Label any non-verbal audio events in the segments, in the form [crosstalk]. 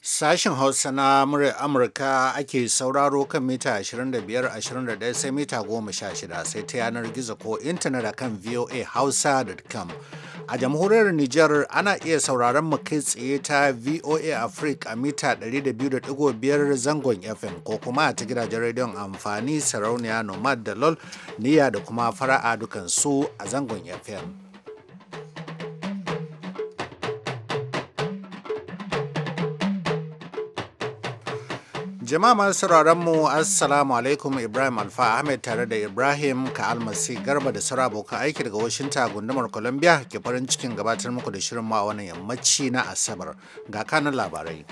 Sashen Hausa na murya Amurka ake sauraro kan mita 25-21 sai mita 16 sai ta yanar gizo ko intanet a kan voahausa.com A jamhuriyar Nijar ana iya sauraron mu kai tsaye ta VOA Africa a mita 102.5 zangon FM ko kuma ta gidajen rediyon amfani sarauniya Nomad da LOL niya da kuma fara'a dukansu a zangon FM. Jama'a masu sauraron mu Assalamu alaikum Ibrahim Alfa Ahmed tare da Ibrahim ka almasi garba da sauran abokan aiki daga washinta gundumar Columbia ke farin cikin gabatar muku da shirin ma wani yammaci na Asabar ga kanan labarai.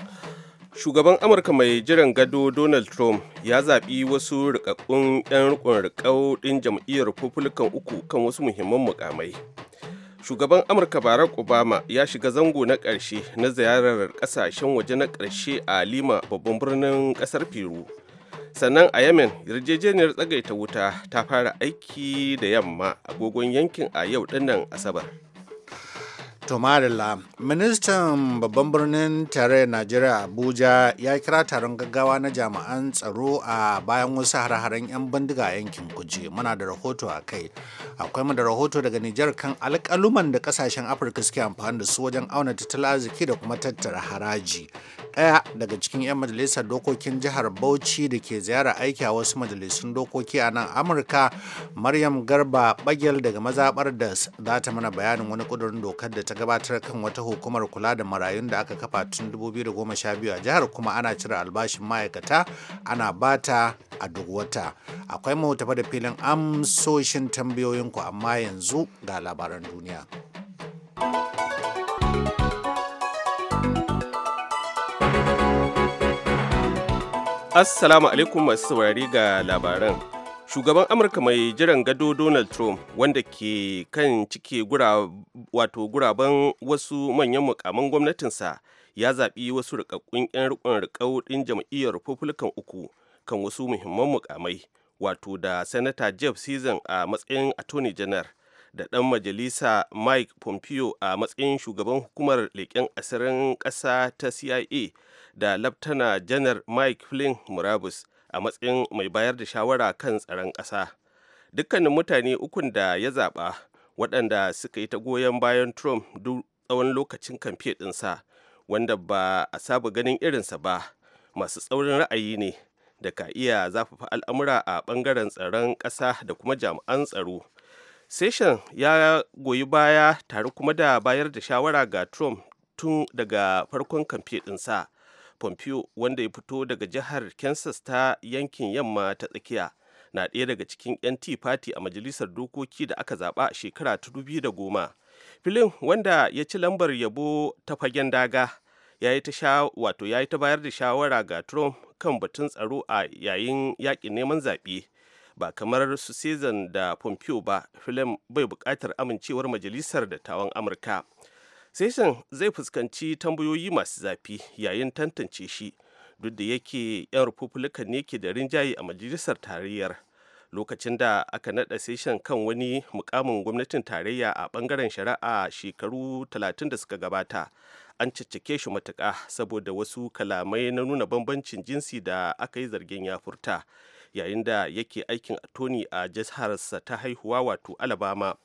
Shugaban Amurka mai jiran gado Donald Trump ya zaɓi wasu rikakkun 'yan rikon rikau ɗin jam'iyyar Republican uku kan wasu muhimman mukamai. shugaban amurka barack obama ya shiga zango na ƙarshe na ziyarar ƙasashen waje na ƙarshe a lima babban birnin ƙasar peru sannan a yemen yarjejeniyar tsagaita wuta ta fara aiki da yamma agogon yankin a yau dinnan asabar Tomarilla, ministan babban birnin tarayyar Najeriya Abuja ya kira taron gaggawa na jami'an tsaro a bayan wasu hare-haren 'yan bindiga a yankin kuje. Muna da rahoto a kai. Akwai mu da rahoto daga Nijar kan alƙaluman da kasashen Afirka suke amfani da su wajen auna tattalin arziki da kuma tattara haraji. Ɗaya daga cikin 'yan majalisar dokokin jihar Bauchi da ke ziyara aiki a wasu majalisun dokoki a nan Amurka, Maryam Garba Bagel daga mazaɓar da za ta mana bayanin wani ƙudurin dokar da ta gabatar kan wata hukumar kula da marayun da aka kafa tun 2012 a jihar kuma ana cire albashin ma'aikata ana bata a duk wata. Akwai mu da filin amsoshin tambayoyinku amma yanzu ga labaran duniya. Assalamu alaikum masu saurari ga labaran. shugaban amurka mai jiran gado donald trump wanda ke kan cike wato guraben wasu manyan mukaman gwamnatinsa ya zaɓi wasu rikakkun 'yan rikon rikau jam'iyyar republican uku kan wasu muhimman mukamai wato da sanata jeff season a matsayin attorney general da ɗan majalisa mike pompeo a matsayin shugaban hukumar leƙen asirin ƙasa ta cia da laftana janar mike flynn murabus a matsayin mai bayar da shawara kan tsaron ƙasa dukkanin mutane ukun da ya zaɓa waɗanda suka yi ta goyon bayan trump duk tsawon lokacin kamfe ɗinsa wanda ba a saba ganin irinsa ba masu tsaurin ra'ayi ne da ka iya zafafa al'amura a ɓangaren tsaron ƙasa da kuma jami'an tsaro session ya goyi baya tare kuma da bayar da shawara ga trump tun daga farkon kamfe ɗinsa pompeo wanda ya fito daga jihar kansas ta yankin yamma ta tsakiya na ɗaya daga cikin 'yan tea party a majalisar dokoki da aka zaɓa a shekara ta da filin wanda ya ci lambar yabo ta fagen daga ya yi ta wato ya yi ta bayar da shawara ga trump kan batun tsaro a yayin yaƙin neman zaɓe ba kamar su season da pompeo ba filin bai buƙatar amincewar majalisar dattawan amurka Session zai fuskanci tambayoyi masu zafi yayin tantance shi duk da yake 'yan Republican ne ke da rinjaye a majalisar tarayyar. lokacin da aka naɗa session kan wani mukamin gwamnatin tarayya a ɓangaren shari'a shekaru 30 da suka gabata an caccake shi matuka saboda wasu kalamai na nuna bambancin jinsi da aka yi zargin ya furta yayin da yake aikin atoni a jisharsa ta haihuwa wato alabama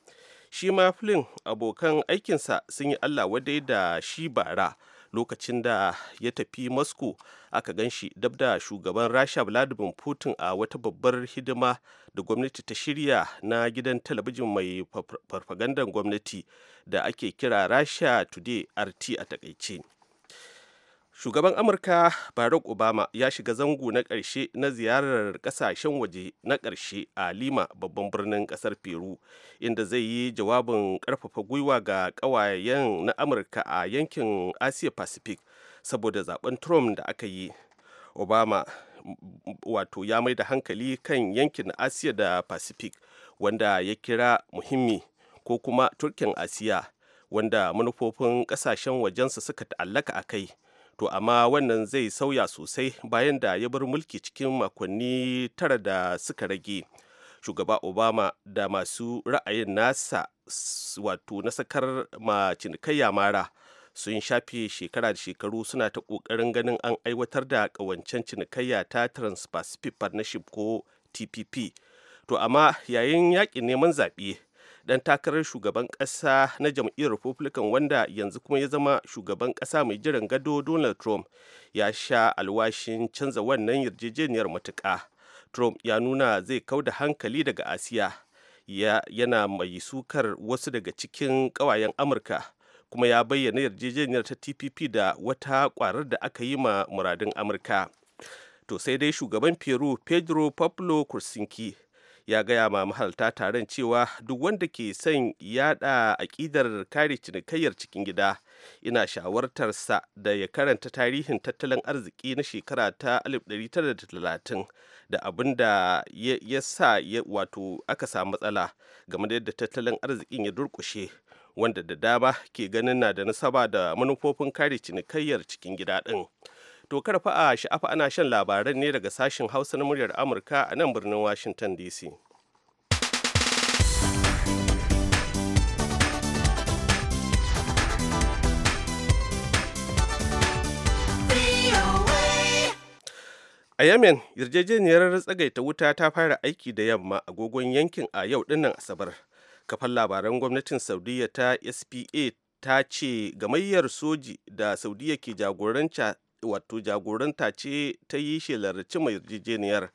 shi ma flin abokan aikinsa sun yi allah wadai da shi bara lokacin da ya tafi moscow aka gan shi dab da shugaban rasha vladimir putin a wata babbar hidima da gwamnati ta shirya na gidan talabijin mai farfagandan gwamnati da ake kira rasha today rt a takaice shugaban amurka barack obama ya shiga zango na ƙarshe na ziyarar ƙasashen waje na ƙarshe a lima babban birnin ƙasar peru inda zai yi jawabin ƙarfafa gwiwa ga ƙawayen na amurka a yankin asia pacific saboda zaben trump da aka yi obama wato ya mai da hankali kan yankin asia da pacific wanda ya kira muhimmi ko kuma turkin asia wanda manufofin ƙasashen wajensa suka ta'allaka a kai to amma wannan zai sauya sosai bayan da ya bar mulki cikin makonni tara da suka rage shugaba obama da masu ra'ayin nasa wato nasakar ma cinikayya mara sun shafe shekara da shekaru suna ta kokarin ganin an aiwatar da kawancen cinikayya ta trans-pacific partnership ko tpp to amma yayin yakin neman zaɓe dan takarar shugaban ƙasa na jam'iyyar republican wanda yanzu kuma ya zama shugaban ƙasa mai jiran gado donald trump ya sha alwashin canza wannan yarjejeniyar matuƙa trump ya nuna zai kau da hankali daga asiya ya, yana mai sukar wasu daga cikin ƙawayen amurka kuma ya bayyana yarjejeniyar ta tpp da wata ƙwarar da aka yi ma muradin amurka to sai dai shugaban peru pedro pablo kursinki ya gaya ma mahalarta taron cewa duk wanda ke son yada aƙidar kare cinikayyar cikin gida ina shawartarsa da ya karanta tarihin tattalin arziki na shekara ta 1930 da abin da ya sa wato aka samu matsala game da yadda tattalin arzikin ya durkushe wanda da dama ke ganin na da nasaba da manufofin kare cinikayyar cikin gida din. To fa'a, sha'afa ana shan labaran ne daga sashen Hausa na muryar Amurka a nan birnin Washington DC. A Yemen, yarjejeniyar tsagaita wuta ta fara aiki da yamma agogon yankin a yau dinnan Asabar. kafan labaran gwamnatin Saudiyya ta SPA ta ce gamayyar soji da Saudiyya ke jagoranta wato jagoranta ce ta yi shelar cima yarjejeniyar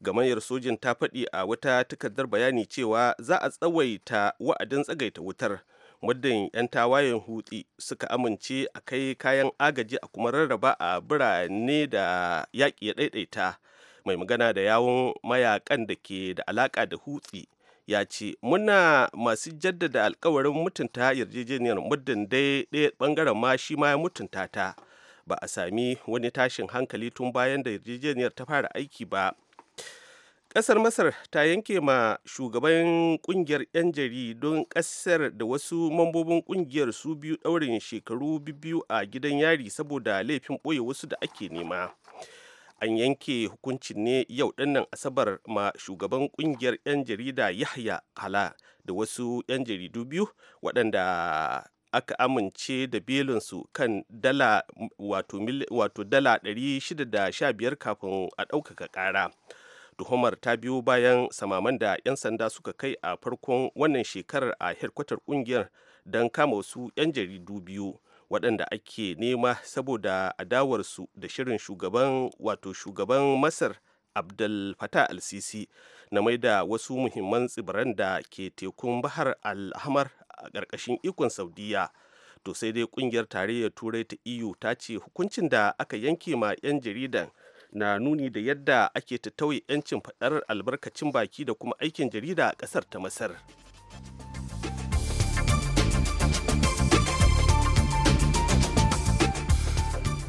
gamayyar sojin ta faɗi a wata takardar bayani cewa za a tsawaita wa'adin tsagaita wutar muddin 'yan tawayen hutsi suka amince a kai kayan agaji a kuma rarraba a birane da yaƙi ya ɗaiɗaita mai magana da yawon mayakan da ke da alaƙa da hutsi ya ce muna masu jaddada alkawarin mutunta yarjejeniyar muddin dai ɗaya ɓangaren ma shi ma ya mutunta ta ba a sami wani tashin hankali tun bayan da yarjejeniyar ta fara aiki ba ƙasar masar ta yanke ma shugaban ƙungiyar 'yan don ƙasar da wasu mambobin ƙungiyar su biyu ɗaurin shekaru biyu a gidan yari saboda laifin ɓoye wasu da ake nema an yanke hukuncin ne yau ɗannan asabar ma shugaban ƙungiyar 'yan jarida yahya hala da wasu 'yan jaridu biyu waɗanda aka amince da belinsu kan dala wato dala 615 kafin a ɗaukaka ƙara tuhumar ta biyo bayan samaman da 'yan sanda suka kai a farkon wannan shekarar a herkwatar ƙungiyar don kama wasu 'yan jaridu biyu waɗanda ake nema saboda adawarsu da shirin shugaban wato shugaban masar abdul fatah al-sisi na da wasu muhimman tsibiran da ke tekun bahar al-ahmar a ƙarƙashin ikon saudiya to sai dai ƙungiyar tarayyar turai ta eu ta ce hukuncin da aka yanke ma 'yan jaridan na nuni da yadda ake ta tauye 'yancin faɗar albarkacin baki da kuma aikin jarida a ƙasar ta masar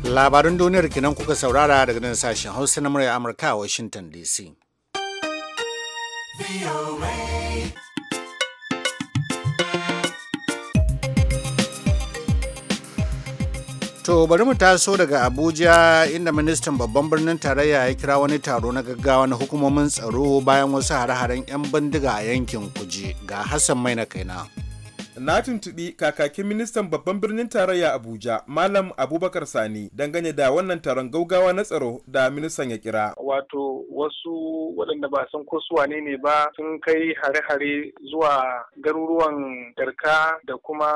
labarin duniyar kinan kuka saurara daga nan sashen hausa na murya amurka a washington dc To bari mu taso daga Abuja inda ministan babban birnin tarayya ya kira wani taro na gaggawa na hukumomin tsaro bayan wasu hare-haren 'yan bindiga a yankin kuje ga Hassan Mai na kaina. na tuntuɓi kakakin ministan babban birnin tarayya Abuja Malam Abubakar Sani dangane da wannan taron gaugawa na tsaro da ministan ya kira. Wato wasu waɗanda ba san ko su wane ne ba sun kai hare-hare zuwa garuruwan Garka da kuma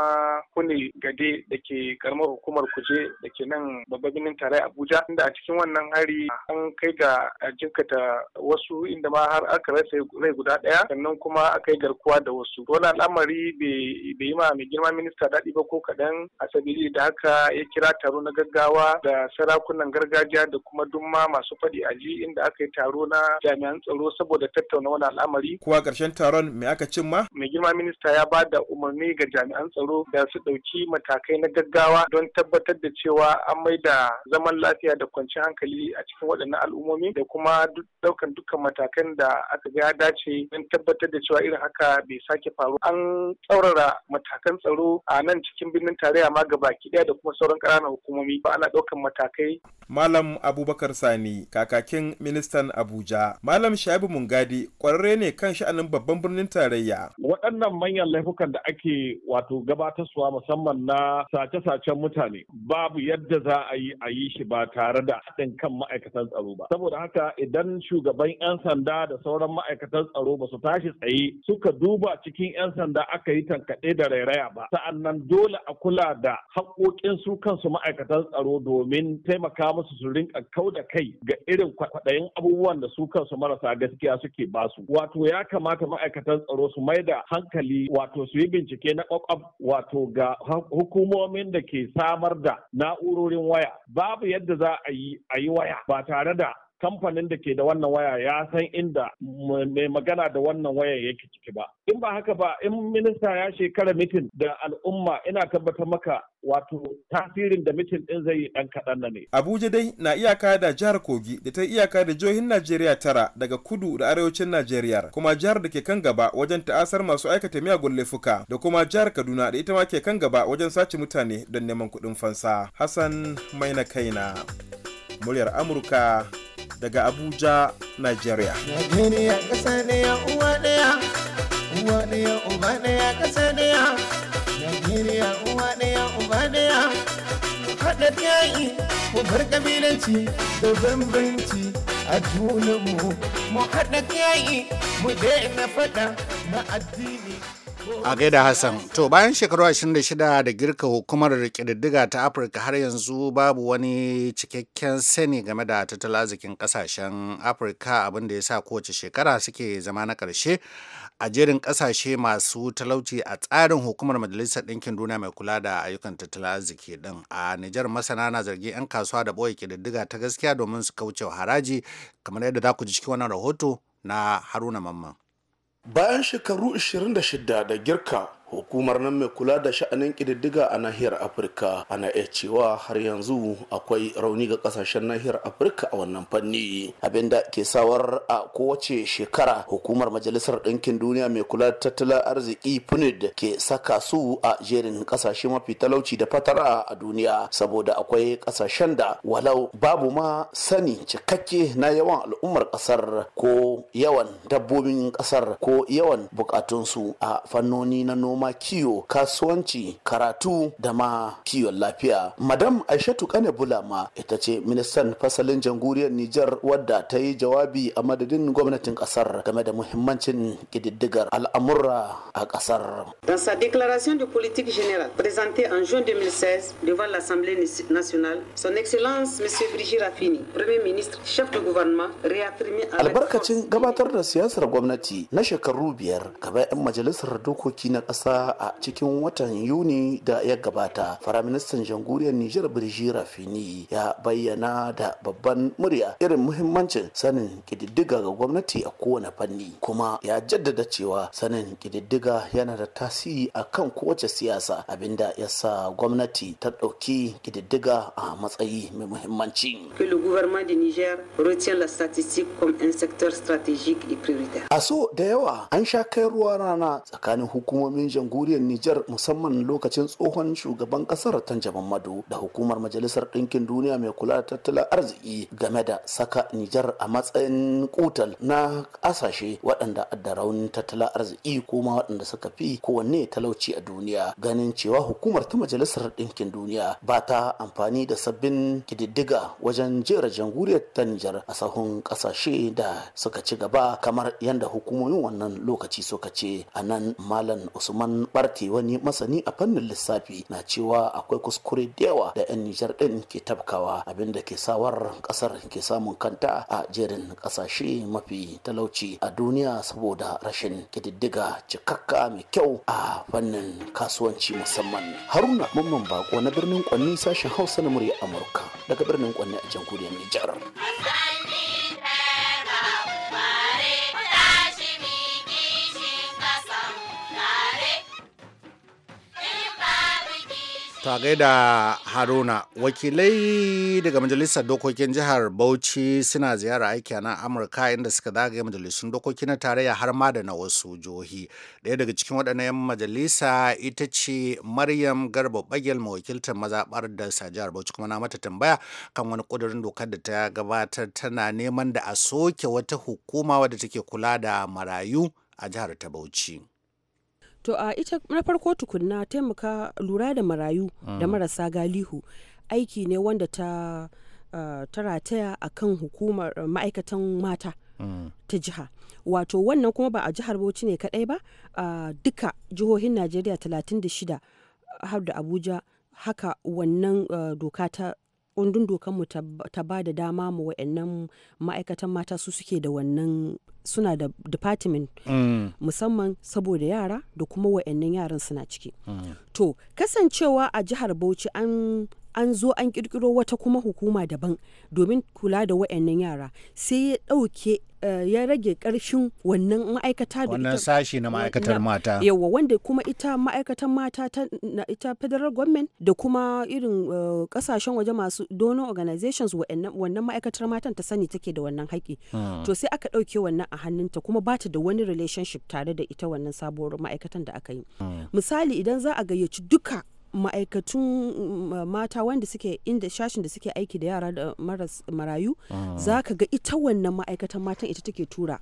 Kune Gade da ke karamar hukumar Kuje da ke nan babban birnin tarayya Abuja inda a cikin wannan hari an kai ga jinkata wasu inda ma har aka rasa rai guda ɗaya sannan kuma aka yi garkuwa da wasu. wani al'amari bai bai yi ma mai girma minista daɗi ba ko kaɗan a sabili da haka ya kira taro na gaggawa da sarakunan gargajiya da kuma dumma masu faɗi a ji inda aka yi taro na jami'an tsaro saboda tattauna wani al'amari. Kuwa ƙarshen taron me aka cimma? Mai girma minista ya ba da umarni ga jami'an tsaro da su ɗauki matakai na gaggawa don tabbatar da cewa an mai da zaman lafiya da kwanciyar hankali a cikin waɗannan al'ummomi da kuma ɗaukan dukkan matakan da aka ga ya dace don tabbatar da cewa irin haka bai sake faru. An tsaurara matakan tsaro a nan cikin birnin tarayya ma ga baki daya da kuma sauran ƙananan hukumomi ba ana ɗaukan matakai. Malam Abubakar Sani kakakin ministan Abuja. Malam Shabi Mungadi ƙwararre ne kan sha'anin babban birnin tarayya. Waɗannan manyan laifukan da ake wato gabatarwa musamman na sace-sacen mutane babu yadda za a yi a yi shi ba tare da haɗin kan ma'aikatan tsaro ba. Saboda haka idan shugaban 'yan sanda da sauran ma'aikatan tsaro ba su tashi tsaye suka duba cikin 'yan sanda aka yi tankaɗe da rairaya ba sa'annan dole a kula da haƙoƙin su kansu ma'aikatan tsaro domin taimaka musu su rinka kau da kai ga irin kwaɗayin abubuwan da su kansu marasa gaskiya suke ba su. wato ya kamata ma'aikatan tsaro su mai da hankali wato su yi bincike na ƙwaƙwaf wato ga hukumomin da ke samar da na'urorin waya babu yadda za a yi a yi waya ba tare da kamfanin da ke da wannan waya ya san inda mai magana da wannan waya yake ciki ba in ba haka ba in minista ya shekara mitin da al'umma ina tabbatar maka wato tasirin da mitin din zai yi ɗan kaɗan na ne abuja dai na iyaka da jihar kogi da ta iyaka da jihohin najeriya tara daga kudu da arewacin najeriya kuma jihar da ke kan gaba wajen ta'asar masu aikata miyagun laifuka da kuma jihar kaduna da ita ma ke kan gaba wajen sace mutane don neman kuɗin fansa hassan maina kaina muryar amurka daga Abuja, Nigeria. Nigeria ƙasa ɗaya uwa ɗaya, uwa ɗaya uba ɗaya ƙasa ɗaya. Nigeria uwa ɗaya uba ɗaya. Haɗa yayi mu bar ƙabilanci da bambanci a junanmu. Mu haɗa yayi mu daina faɗa na addini. a gaida hassan to bayan shekaru 26 da girka hukumar ƙididdiga ta afirka har yanzu babu wani cikakken sani game da tattalin arzikin kasashen afirka abinda ya sa kowace shekara suke zama na karshe a jerin kasashe masu talauci a tsarin hukumar majalisar ɗinkin duniya mai kula da ayyukan tattalin arziki ɗin a nijar masana na zargi 'yan kasuwa da ɓoye ƙididdiga ta gaskiya domin su wa haraji kamar yadda za ku ji cikin wannan rahoto na haruna mamman bayan shekaru 26 da girka hukumar nan mai kula da sha'anin ƙididdiga a nahiyar afirka ana iya cewa har yanzu akwai rauni ga ƙasashen nahiyar afirka a wannan fanni abinda ke sawar a kowace shekara hukumar majalisar ɗinkin duniya mai kula da tattalin arziki punid ke saka su a jerin kasashe mafi talauci da fatara a duniya saboda akwai ƙasashen da walau babu ma sani cikakke na yawan al'ummar ƙasar ko yawan dabbobin ƙasar ko yawan bukatunsu a fannoni na noma makiyo kiwo kasuwanci karatu da ma kiwon lafiya madam aishatu kane bulama ita ce ministan fasalin jamhuriyar nijar wadda ta yi jawabi a madadin gwamnatin kasar game da muhimmancin kididdigar al'amura a kasar dans sa déclaration de politique générale présentée en juin 2016 devant l'assemblée nationale son excellence monsieur brigitte raffini premier ministre chef de gouvernement réaffirmé albarkacin gabatar da siyasar gwamnati na shekaru biyar gaba 'yan majalisar dokoki na kasar ƙasa a cikin watan Yuni da ya gabata. Firaministan jamhuriyar Nijar Birji Rafini ya bayyana da babban murya irin muhimmancin sanin ƙididdiga ga gwamnati a kowane fanni kuma ya jaddada cewa sanin ƙididdiga yana da tasiri a kan kowace siyasa abinda ya sa gwamnati ta ɗauki ƙididdiga a matsayi mai muhimmanci. A so da yawa an sha kai ruwa rana tsakanin hukumomin jamhuriyar Nijar musamman lokacin tsohon shugaban kasar Tanja Mamadu da hukumar Majalisar Ɗinkin Duniya mai kula da tattalin arziki game da saka Nijar a matsayin kutal na ƙasashe waɗanda da raunin tattalin arziki ko waɗanda suka fi kowanne talauci a duniya ganin cewa hukumar ta Majalisar Ɗinkin Duniya ba ta amfani da sabbin kididdiga wajen jera jamhuriyar ta Nijar a sahun ƙasashe da suka ci gaba kamar yadda hukumomin wannan lokaci suka ce a nan Malam Usman zaman Barte wani masani a fannin lissafi na cewa akwai kuskure da yawa da 'yan Nijar din ke tafkawa abinda ke sawar kasar ke samun kanta a jerin kasashe mafi talauci a duniya saboda rashin kididdiga cikakka mai kyau a fannin kasuwanci musamman. Haruna Mamman Bako na birnin Kwanni sashen Hausa na murya Amurka daga birnin Kwanni a jamhuriyar Nijar. tare da haruna wakilai daga majalisar dokokin jihar bauchi suna ziyara aiki a nan amurka inda suka zagaye majalisun dokoki na tarayya har ma da na wasu jihohi daya daga cikin waɗannan majalisa ita ce maryam garba bagel mawakiltar mazaɓar da sa jihar bauchi kuma na mata tambaya kan wani ƙudurin dokar da ta gabatar tana neman da a soke wata hukuma wadda take kula da marayu a jihar ta bauchi to a ita na farko tukunna taimaka lura da marayu mm. da marasa galihu aiki ne wanda ta uh, ta rataya a kan hukumar ma'aikatan mata mm. ta jiha wato wannan kuma ba a jihar bauchi ne kadai ba uh, duka jihohin najeriya 36 har da abuja haka wannan doka ta kundin dokanmu ta ba da dama mu wa'annan ma'aikatan mata su suke da wannan suna da department mm. musamman saboda yara da kuma wa'annan yaran suna ciki mm. to kasancewa a jihar bauchi an an zo an kirkiro wata kuma hukuma daban domin kula da wayannan yara sai ya ɗauke eh, ya rage ƙarshen wannan ma'aikata da wannan sashi na ma'aikatar mata yawa wanda kuma ita ma'aikatar mata ta ita federal government da kuma irin eh, ƙasashen waje masu donor organizations wannan ma'aikatar matan ta sani take da wannan haƙƙi hmm. to sai aka ɗauke wannan a hannunta kuma ba ta da wani relationship tare da ita wannan sabuwar ma'aikatan da aka yi hmm. misali idan za a gayyaci duka ma'aikatun mm, mata wanda suke inda shashin da suke aiki da yara da maras marayu ah. za ka ga ita wannan ma'aikatan matan ita take tura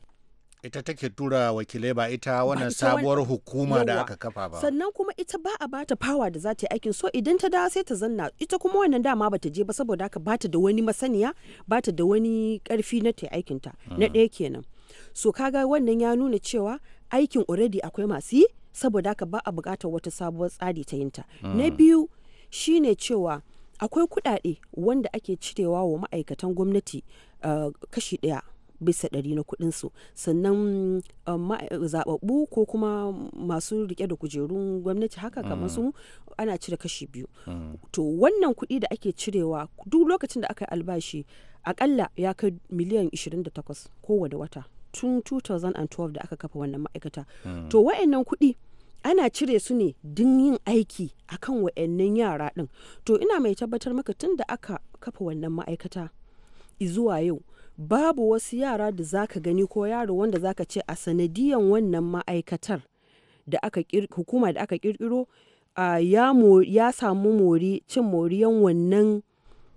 ita take tura wakilai ba ita wannan sabuwar hukuma da aka kafa ba sannan kuma ita ba a bata fawa da za ta yi aikin so idan ta dawo sai ta zanna ita kuma wannan dama bata je ba saboda haka bata da wani masaniya bata da wani karfi na ta aikin ta na ah. ɗaya kenan so kaga wannan ya nuna cewa aikin already akwai masu yi saboda haka ba a buƙatar wata sabuwar tsari ta yinta mm. na biyu shine cewa akwai kuɗaɗe wanda ake cirewa wa ma'aikatan gwamnati uh, kashi ɗaya bisa ɗari na kuɗinsu sannan uh, zaɓaɓɓu ko kuma masu riƙe da kujerun gwamnati haka kamar mm. su ana cire kashi biyu mm. to wannan kuɗi da ake cirewa duk lokacin da aka yi albashi akalla ya kai miliyan 28 kowane wata tun 2012 da aka kafa wannan ma'aikata hmm. to wa'annan kuɗi ana cire su ne din yin aiki akan wa'annan yara ɗin to ina mai tabbatar maka tun da aka kafa wannan ma'aikata zuwa yau babu wasu yara da zaka gani ko yaro wanda za ka ce a sanadiyan wannan ma'aikatar da aka hukuma da aka kirkiro ya samu mori cin moriyan wannan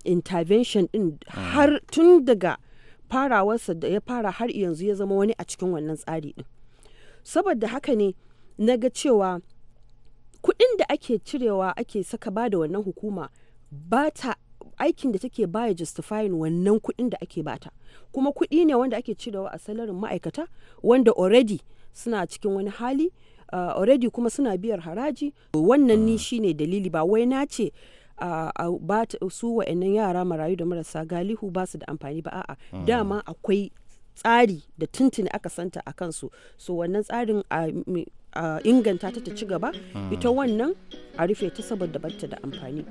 intervention din hmm. har tun daga farawarsa da ya fara har yanzu ya zama wani a cikin wannan tsari din saboda haka ne na ga cewa kuɗin da ake cirewa ake saka ba da wannan hukuma ba ta aikin da take baya justifying wannan kuɗin da ake bata kuma kuɗi ne wanda ake cirewa a salarin ma'aikata wanda already suna cikin wani hali uh, already kuma suna biyar haraji wannan ni shine dalili ba wai na ce su wa'annan yara marayu da marasa galihu ba su da amfani ba a'a mm. dama akwai tsari da tuntuni aka santa a kansu so wannan tsarin a inganta ta ta ci gaba mm. ita wannan a rufe ta saboda bata da amfani.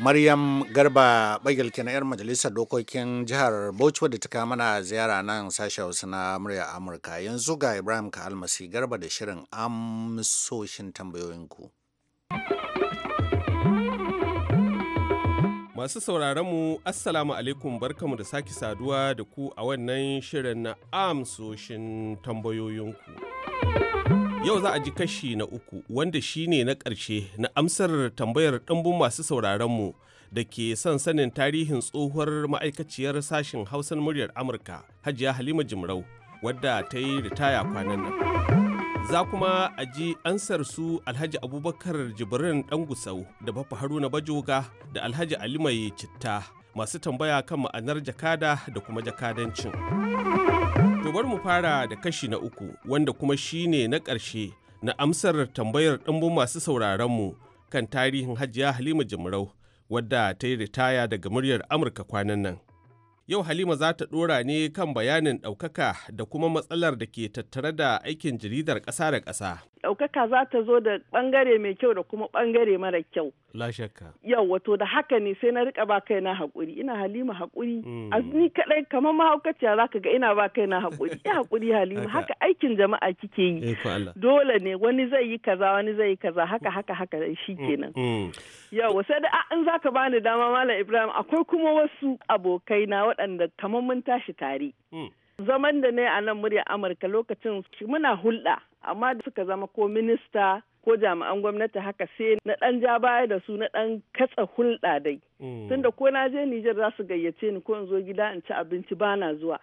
Maryam Garba Bagil na 'yar majalisar dokokin jihar Bauchi wadda ta kama mana ziyara nan sashe Hausa na murya Amurka. Yanzu ga Ibrahim ka almasi Garba da shirin amsoshin tambayoyinku. Masu sauraron mu Assalamu alaikum barkamu da sake saduwa da ku a wannan shirin na amsoshin tambayoyinku. Yau za a ji kashi na uku wanda shi ne na ƙarshe na amsar tambayar ɗumbun masu sauraronmu da ke son sanin tarihin tsohuwar ma'aikaciyar sashen Hausan muryar Amurka, Hajiya Halima Jimrau, wadda ta yi ritaya kwanan nan. Za kuma a ji ansar su Alhaji Abubakar Jibrin gusau da Bafa Haruna Bajoga da Alhaji Alimai Citta masu tambaya kan ma'anar jakada da kuma jakadancin. To bari mu fara da kashi na uku wanda kuma shi ne na ƙarshe na amsar tambayar ɗumbin masu sauraronmu kan tarihin hajiya Halima Jimrau wadda ta yi ritaya daga muryar Amurka kwanan nan. Yau Halima za ta ɗora ne kan bayanin ɗaukaka da kuma matsalar da ke tattare da aikin jaridar kasa da kasa. Ɗaukaka za ta zo da bangare mai kyau da kuma bangare mara kyau. La shakka. Yau wato da haka ne sai na riƙa ba kaina haƙuri. Ina Halima haƙuri. Mm. A ni kaɗai kamar mahaukaciya za ka ga ina ba kaina haƙuri. Ya haƙuri Halima haka aikin jama'a kike yi. Eh, Dole ne wani zai yi kaza wani zai yi kaza haka haka haka shi mm, kenan. Mm. Yau sai da in zaka bani dama Malam Ibrahim akwai kuma wasu abokai na waɗanda kamar mun tashi tare. Hmm. Zaman da na yi a nan murya Amurka lokacin muna hulɗa, amma da suka zama ko minista ko jami'an gwamnati haka sai na ɗan ja baya da su na ɗan katsa hulɗa dai. Hmm. Tunda ko na je Nijar za su gayyace ni ko in zo gida in ci abinci ba na zuwa.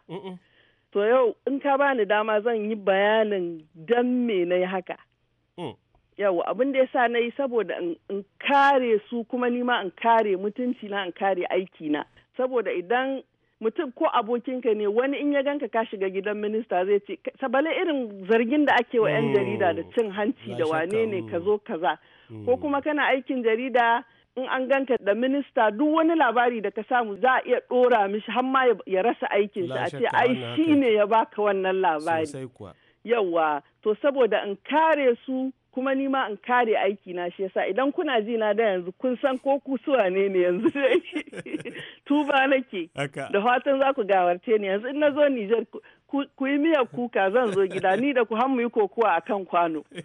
To yau in ka bani dama zan yi bayanin dan me na yi haka. Hmm. yau abin da ya sa na yi saboda in kare su kuma nima in kare mutunci na in kare aiki na saboda idan mutum ko abokinka ne wani in ya ganka ka shiga gidan minista zai ce sabale irin zargin da ake wa 'yan mm. jarida da cin hanci da wane ne ka zo kaza mm. ko kuma kana aikin jarida in an ganka da minista duk wani labari da ka samu za a iya dora mishi har ya rasa aikin shi a ce ai shi ne ya baka wannan labari yawa to saboda in kare su kuma ni ma in kare aiki na shi yasa idan kuna ji na da yanzu kun san ko kusuwa ne ne yanzu [laughs] tuba nake da fatan za ku gawarce ni yanzu in na zo Nijar ku yi miyar kuka zan zo gida ni da ku har mu yi kokowa a kan kwano. [laughs]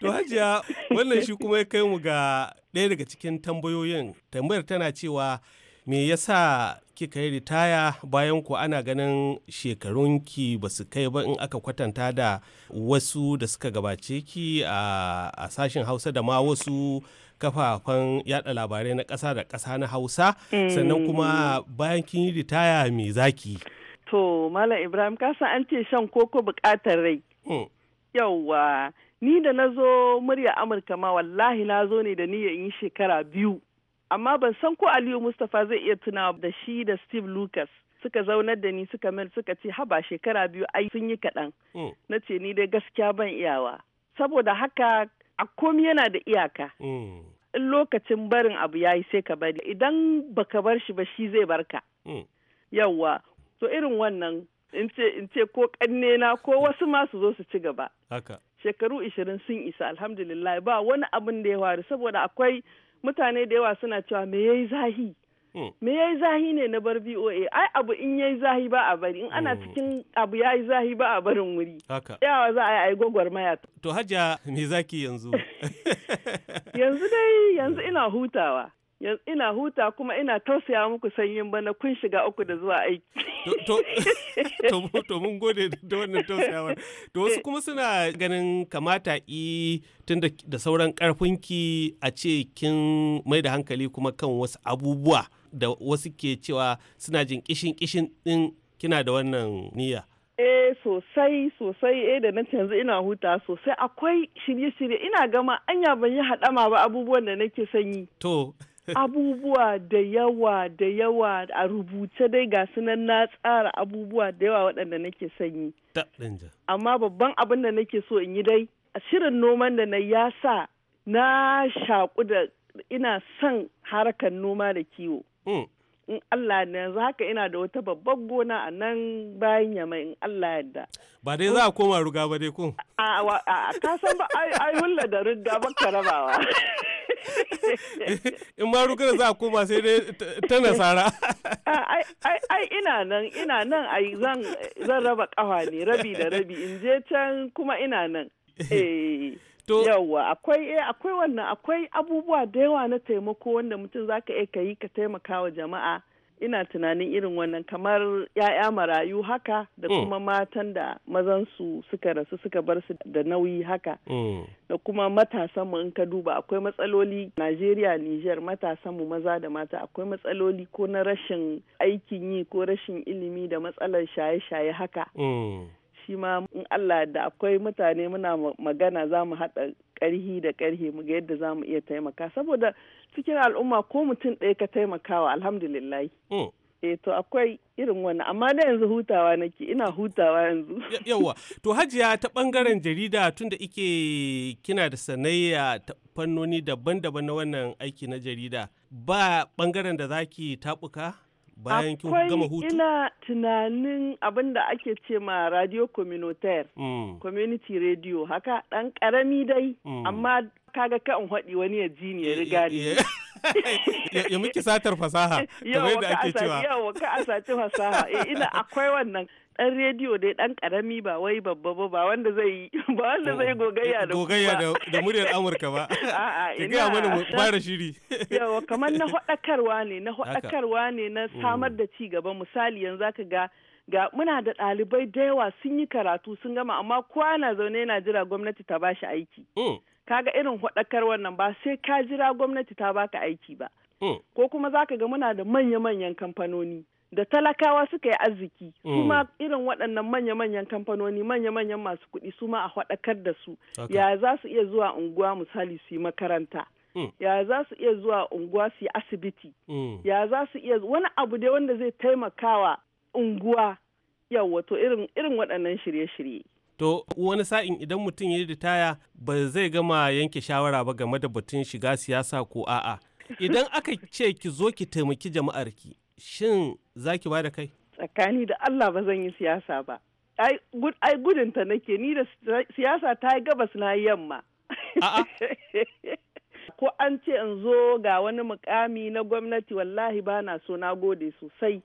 To hajiya wannan shi kuma ya kai mu ga ɗaya daga cikin tambayoyin tambayar tana cewa me yasa kika yi ritaya bayan ku ana ganin shekarunki ba su kai ba in aka kwatanta da wasu da suka gabace ki a sashen hausa da ma wasu kafafen yada labarai na ƙasa da ƙasa na hausa sannan kuma mm. bayan kin yi ritaya mai zaki to malam ibrahim kasan an ce shan koko bukatar rai mm. yauwa ni da na zo murya amurka ma wallahi na zo ne da niyyar yi shekara biyu amma ban san ko aliyu mustapha zai iya tunawa da shi da steve lucas suka zaunar da ni suka min suka ce haba shekara biyu ai sun yi kaɗan hmm. na ce ni dai gaskiya ban iyawa saboda haka a komi yana da iyaka hmm. in lokacin barin abu ya yi sai ka bari idan baka bar shi ba shi zai barka hmm. yawwa to irin wannan in ce in ce ko kanne na ko wasu ma su zo su ci gaba haka. shekaru ishirin sun isa alhamdulillah ba wani abin da ya faru saboda akwai mutane da yawa suna cewa me yayi zahi hmm. me yayi zahi ne na bar VOA ai abu in yayi zahi ba a bari in ana hmm. cikin abu yayi zahi ba a barin wuri yawa za a yi ai gwagwarmaya to hajja me zaki yanzu [laughs] yanzu dai yanzu ina hutawa yanzu ina huta kuma ina tausaya muku sanyin bana kun shiga uku da zuwa aiki. To [laughs] mun gode da wannan tausayawa To wasu kuma suna ganin kamata i tun da sauran karfinki a ce kin mai da hankali kuma kan wasu abubuwa da wasu ke cewa suna jin kishin kishin din kina da wannan niyya. Eh sosai sosai e da na yanzu ina huta sosai akwai shirye-shirye ina gama anya ban yi haɗama ba abubuwan da nake sanyi. To. abubuwa da yawa da yawa a rubuce dai ga sunan na tsara abubuwa da yawa waɗanda nake sanyi amma babban abin da nake so in yi dai a shirin noman da na ya sa na shaƙu da ina son harkar noma da kiwo mm. in Allah ne yanzu haka ina da wata babbar gona a nan bayan yamma in Allah yadda. Ba dai za a koma ruga ba dai kun? A ka san ba ai hulla da rudda ba karabawa. [laughs] [laughs] in ma rukar za a koma sai dai ta nasara [laughs] ai ina nan ina nan ai zan raba kawa ne rabi da rabi in je can kuma ina nan [laughs] eh, To yawa akwai eh akwai wannan akwai abubuwa da yawa na taimako wanda mutum zaka iya yi ka taimaka wa jama'a ina tunanin irin wannan kamar ‘ya'ya marayu haka da mm. kuma matan da mazan su suka rasu suka bar su da nauyi haka mm. da kuma matasanmu in ka duba akwai matsaloli Najeriya Nijar matasanmu maza da mata akwai matsaloli ko na rashin aikin yi ko rashin ilimi da matsalar shaye-shaye haka. Mm. shi ma in Allah da akwai mutane muna magana za mu haɗa ƙarhi da ƙarhi mu ga yadda za mu iya taimaka saboda cikin al'umma ko mutum ɗaya ka taimakawa alhamdulillah. Hmm. eh to akwai irin wani, amma da yanzu hutawa nake ina hutawa yanzu Yawwa, to hajiya ta ɓangaren jarida tunda ike kina da sanayya ta fannoni daban-daban na wannan aiki na jarida ba ɓangaren da zaki tabuka bayan kin gama hutu ina tunanin abin da ake ce ma radio communautaire mm. community radio haka dan karami dai mm. amma kaga ka in haɗi wani ya ji ne ya eh, riga ni eh, eh. [laughs] [laughs] ya muke satar fasaha [laughs] kamar yadda ake cewa yawa ka a saci fasaha eh, ina akwai wannan dan rediyo dai dan karami ba wai babba ba ba wanda zai yi [laughs] ba wanda zai gogayya da gogayya da muryar Amurka ba a'a ina mana mu fara shiri yawa kamar na hodakarwa ne na hodakarwa ne na mm. samar da ci gaba misali yanzu zaka ga ga muna da ɗalibai da yawa sun yi karatu sun gama amma kowa na zaune yana jira gwamnati ta bashi aiki. Mm. kaga irin hudakar wannan ba sai ka jira gwamnati ta baka aiki ba hmm. ko kuma zaka ga muna da manya-manyan kamfanoni da talakawa suka yi arziki kuma hmm. irin waɗannan manya-manyan kamfanoni manya-manyan masu kuɗi su ma a hudakar da su ya za su iya zuwa unguwa misali su yi makaranta hmm. ya za su iya zuwa unguwa su yi asibiti ya za su iya wani abu dai wanda zai taimakawa unguwa yawa to irin waɗannan shirye-shirye To wani sa'in idan mutum ya ritaya ba zai gama yanke shawara ba game da batun shiga siyasa ko a'a. Idan aka ce ki zo ki taimaki jama'ar ki, shin za ki ba da kai? Tsakani da Allah ba zan yi siyasa ba. Ai gudunta nake ni da siyasa ta yi gabas na yamma. [laughs] Ko an ce in zo ga wani mukami na gwamnati wallahi ba na so na gode sosai.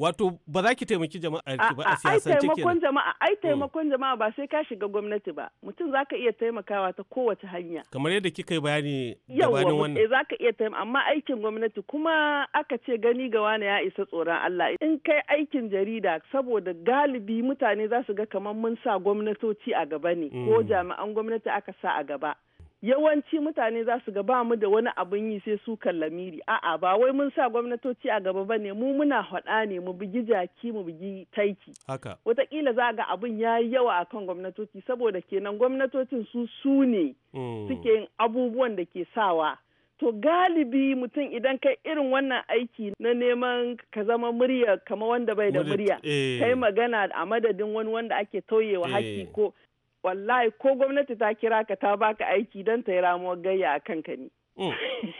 Wato ba za ki taimaki jama'a ki ba a siyasance kenan. Ai taimakon jama'a ai taimakon jama'a ba sai ka shiga gwamnati ba. Mutum za iya taimakawa ta kowace hanya. Kamar yadda kika yi bayani gabanin wannan. Yawwa eh, za iya taimaka amma aikin gwamnati kuma aka ce gani ga wani ya isa tsoron Allah. In kai aikin jarida saboda galibi mutane za su ga kamar mun sa gwamnatoci a gaba ne ko mm. jami'an gwamnati aka sa a gaba. yawanci mutane za su ga ba mu da wani abin yi sai su lamiri a'a ba wai mun sa gwamnatoci a gaba ba ne mu muna haɗa ne mu bugi jaki mu bugi taiki haka wataƙila za ga abin ya yi yawa akan gwamnatoci saboda kenan gwamnatocin su su ne mm. suke yin abubuwan da ke sawa to galibi mutum idan kai irin wannan aiki na neman ka zama murya kama wanda bai da murya eh. kai magana a madadin wani wanda ake tauyewa haƙƙi eh. ko wallahi ko gwamnati ta kira ka ta baka aiki don ta yi ramuwar gayya a kanka ne. Oh,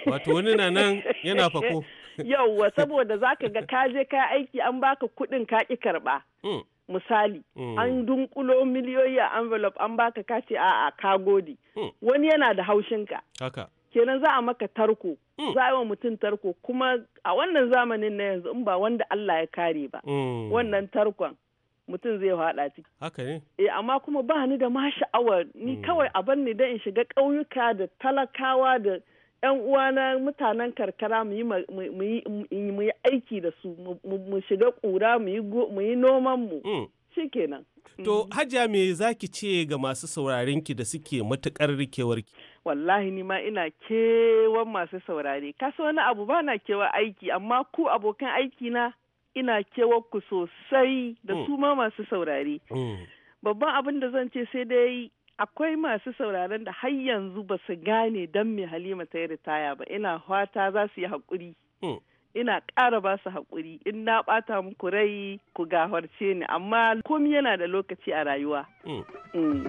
wato wani na nan yana fako. [laughs] Yauwa saboda za ka ga kaje ka aiki an baka kuɗin ka ƙi karɓa. Hmm. Misali, hmm. an dunkulo miliyoyi a envelope an baka ka ce a'a ka gode. Hmm. Wani yana da haushinka. Haka. Kenan za a maka tarko, za a yi wa mutum tarko kuma a wannan zamanin na yanzu in ba wanda Allah ya kare ba. Wannan tarkon mutum zai haɗa ciki. Haka ne? Eh amma kuma ba ni da ma sha'awar ni hmm. kawai a ban ni da in shiga ƙauyuka da talakawa da yan uwana mutanen karkara mu yi aiki da su mu shiga ƙura mu yi noman mu. Hmm. Shi kenan. To hmm. hajiya me zaki ce ga masu sauraren ki da suke matukar rikewar ki? Wallahi ni ma ina kewan masu saurare. Kasa wani abu ba na kewa aiki amma ku abokan aiki na ina kewarku sosai da mm. su ma masu saurare. Mm. Babban abin da zan ce sai dai akwai masu sauraren da har yanzu ba su gane don me Halima ta yi ritaya ba ina fata za su yi haƙuri. Mm. ina ƙara ba su haƙuri in na ɓata muku rai ku gafarce ni amma komi yana da lokaci a rayuwa. Mm. Mm.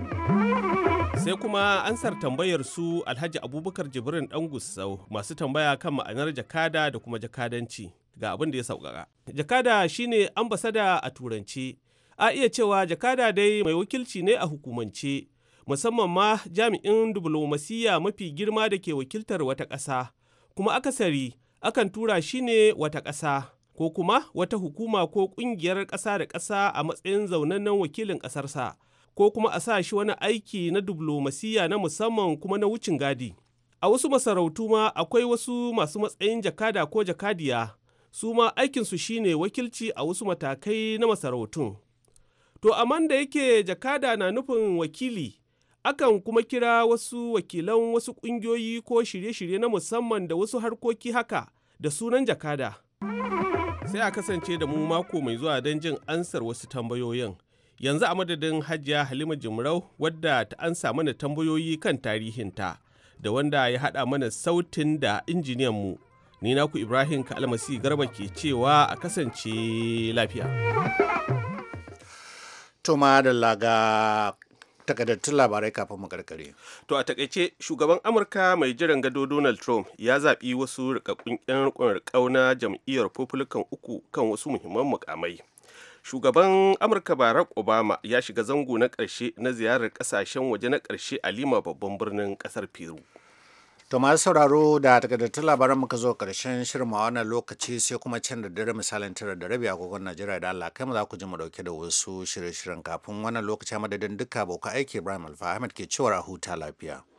Sai kuma ansar tambayar su Alhaji Abubakar Jibrin ɗan Gusau masu tambaya kan ma'anar jakada da kuma jakadanci ga abin da ya sauƙaƙa. Jakada shine ambasada a turance. A iya cewa jakada dai mai wakilci ne a hukumance, musamman ma jami'in diflomasiyya mafi girma da ke wakiltar wata ƙasa. Kuma akasari akan tura shi ne wata ƙasa ko kuma wata hukuma ko ƙungiyar ƙasa da ƙasa a matsayin zaunannen wakilin ƙasarsa ko kuma a sa shi wani aiki na diflomasiyya na musamman kuma na wucin gadi. A wasu masarautu ma akwai wasu masu matsayin jakada ko jakadiya su ma aikinsu shine wakilci a wasu matakai na masarautun. To, amman da yake jakada na nufin wakili. Akan kuma kira wasu wakilan wasu ƙungiyoyi ko shirye-shirye na musamman da wasu harkoki haka da sunan jakada. Sai a kasance da mu mako mai zuwa don jin ansar wasu tambayoyin. Yanzu a madadin Hajiya Halima Jimrau wadda ta ansa mana tambayoyi kan tarihinta da wanda ya haɗa mana sautin da injiniyan mu. Ni naku Ibrahim Kalmasi Garba ke cewa a kasance lafiya. Tuma da laga takaddatun labarai kafin mu karkare. To a takaice shugaban Amurka mai jiran gado Donald Trump ya zaɓi wasu rikakkun 'yan rikon rikauna jam'iyyar Republican uku kan wasu muhimman mukamai. Shugaban Amurka Barack Obama ya shiga zango na ƙarshe na ziyarar ƙasashen waje na ƙarshe a Lima babban birnin ƙasar Peru. To masu sauraro da takardattun labaran muka zo karshen shirin a wannan lokaci sai kuma can da dare misalin tara da rabi agogon Najeriya da Allah kai mu za ku ji mu dauke da wasu shirye-shiryen kafin wannan lokaci madadin duka boka aiki Ibrahim Alfa Ahmed ke cewa huta lafiya.